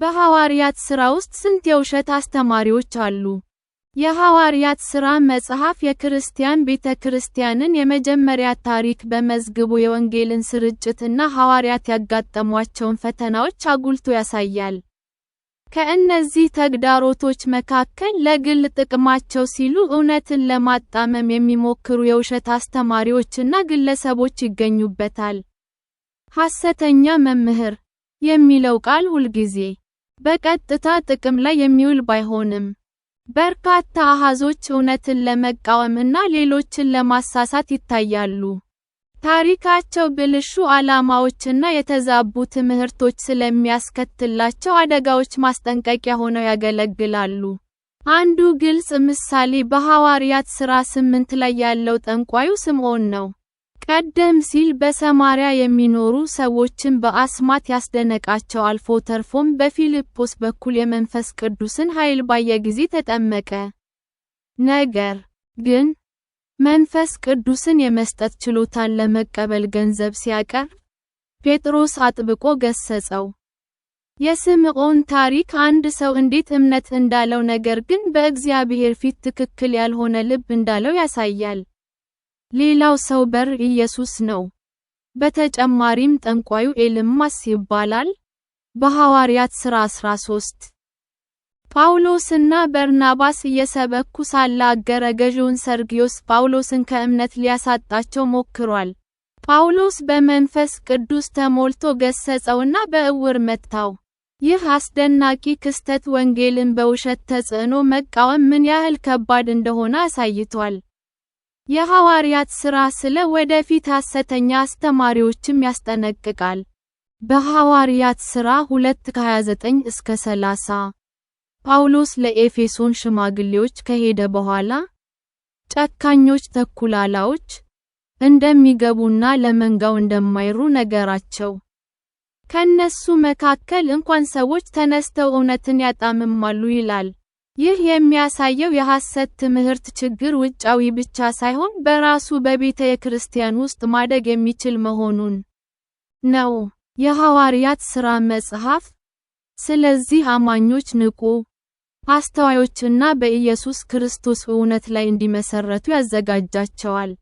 በሐዋርያት ሥራ ውስጥ ስንት የውሸት አስተማሪዎች አሉ? የሐዋርያት ሥራ መጽሐፍ የክርስቲያን ቤተ ክርስቲያንን የመጀመሪያ ታሪክ በመዝግቡ የወንጌልን ስርጭትና ሐዋርያት ያጋጠሟቸውን ፈተናዎች አጉልቶ ያሳያል። ከእነዚህ ተግዳሮቶች መካከል ለግል ጥቅማቸው ሲሉ እውነትን ለማጣመም የሚሞክሩ የውሸት አስተማሪዎችና ግለሰቦች ይገኙበታል። ሐሰተኛ መምህር የሚለው ቃል ሁልጊዜ በቀጥታ ጥቅም ላይ የሚውል ባይሆንም፣ በርካታ አሃዞች እውነትን ለመቃወምና ሌሎችን ለማሳሳት ይታያሉ። ታሪካቸው ብልሹ ዓላማዎችና የተዛቡ ትምህርቶች ስለሚያስከትላቸው አደጋዎች ማስጠንቀቂያ ሆነው ያገለግላሉ። አንዱ ግልጽ ምሳሌ በሐዋርያት ሥራ ስምንት ላይ ያለው ጠንቋዩ ስምዖን ነው። ቀደም ሲል በሰማሪያ የሚኖሩ ሰዎችን በአስማት ያስደነቃቸው አልፎ ተርፎም በፊልጶስ በኩል የመንፈስ ቅዱስን ኃይል ባየ ጊዜ ተጠመቀ። ነገር ግን፣ መንፈስ ቅዱስን የመስጠት ችሎታን ለመቀበል ገንዘብ ሲያቀርብ፣ ጴጥሮስ አጥብቆ ገሰጸው። የስምዖን ታሪክ አንድ ሰው እንዴት እምነት እንዳለው ነገር ግን በእግዚአብሔር ፊት ትክክል ያልሆነ ልብ እንዳለው ያሳያል። ሌላው ሰው በር ኢየሱስ ነው። በተጨማሪም ጠንቋዩ ኤልማስ ይባላል። በሐዋርያት ሥራ 13 ጳውሎስና በርናባስ እየሰበኩ ሳለ አገረ ገዢውን ሰርግዮስ ጳውሎስን ከእምነት ሊያሳጣቸው ሞክሯል። ጳውሎስ በመንፈስ ቅዱስ ተሞልቶ ገሰጸውና በእውር መታው። ይህ አስደናቂ ክስተት ወንጌልን በውሸት ተጽዕኖ መቃወም ምን ያህል ከባድ እንደሆነ አሳይቷል። የሐዋርያት ሥራ ስለ ወደፊት ሐሰተኛ አስተማሪዎችም ያስጠነቅቃል። በሐዋርያት ሥራ 2:29 እስከ 30 ጳውሎስ ለኤፌሶን ሽማግሌዎች ከሄደ በኋላ ጨካኞች ተኩላላዎች እንደሚገቡና ለመንጋው እንደማይሩ ነገራቸው። ከነሱ መካከል እንኳን ሰዎች ተነስተው እውነትን ያጣምማሉ ይላል። ይህ የሚያሳየው የሐሰት ትምህርት ችግር ውጫዊ ብቻ ሳይሆን በራሱ በቤተ ክርስቲያን ውስጥ ማደግ የሚችል መሆኑን ነው። የሐዋርያት ሥራ መጽሐፍ። ስለዚህ አማኞች ንቁ፣ አስተዋዮችና በኢየሱስ ክርስቶስ እውነት ላይ እንዲመሰረቱ ያዘጋጃቸዋል።